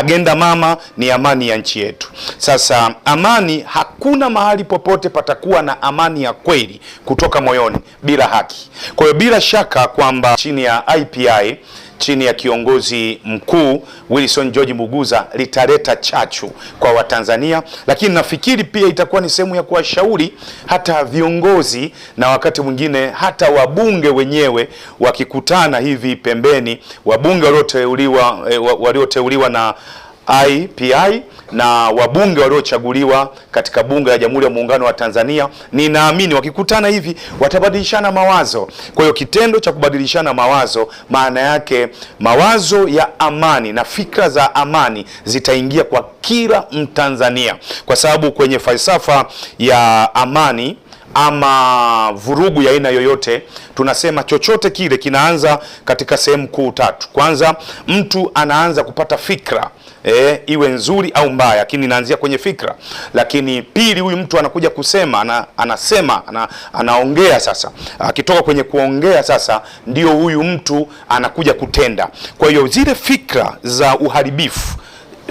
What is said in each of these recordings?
Agenda mama ni amani ya nchi yetu. Sasa amani, hakuna mahali popote patakuwa na amani ya kweli kutoka moyoni bila haki. Kwa hiyo bila shaka kwamba chini ya IPI chini ya kiongozi mkuu Wilson George Muguza litaleta chachu kwa Watanzania, lakini nafikiri pia itakuwa ni sehemu ya kuwashauri hata viongozi na wakati mwingine hata wabunge wenyewe wakikutana hivi pembeni, wabunge walioteuliwa eh, walioteuliwa na IPI na wabunge waliochaguliwa katika bunge la Jamhuri ya Muungano wa Tanzania, ninaamini wakikutana hivi watabadilishana mawazo. Kwa hiyo kitendo cha kubadilishana mawazo, maana yake mawazo ya amani na fikra za amani zitaingia kwa kila Mtanzania, kwa sababu kwenye falsafa ya amani ama vurugu ya aina yoyote, tunasema chochote kile kinaanza katika sehemu kuu tatu. Kwanza, mtu anaanza kupata fikra E, iwe nzuri au mbaya, lakini inaanzia kwenye fikra. Lakini pili, huyu mtu anakuja kusema ana, anasema ana, anaongea sasa. Akitoka kwenye kuongea sasa, ndio huyu mtu anakuja kutenda. Kwa hiyo zile fikra za uharibifu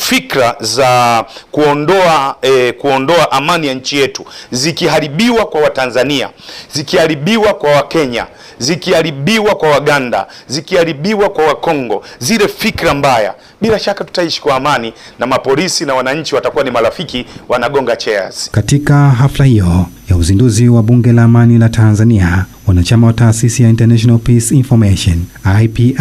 fikra za kuondoa eh, kuondoa amani ya nchi yetu zikiharibiwa kwa Watanzania, zikiharibiwa kwa Wakenya, zikiharibiwa kwa Waganda, zikiharibiwa kwa Wakongo, zile fikra mbaya, bila shaka tutaishi kwa amani na mapolisi na wananchi watakuwa ni marafiki, wanagonga chairs. Katika hafla hiyo ya uzinduzi wa Bunge la Amani la Tanzania, wanachama wa taasisi ya International Peace Information IPI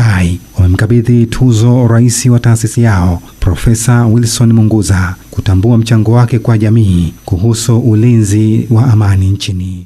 wamemkabidhi tuzo rais wa taasisi yao Profesa Wilson Munguza kutambua mchango wake kwa jamii kuhusu ulinzi wa amani nchini.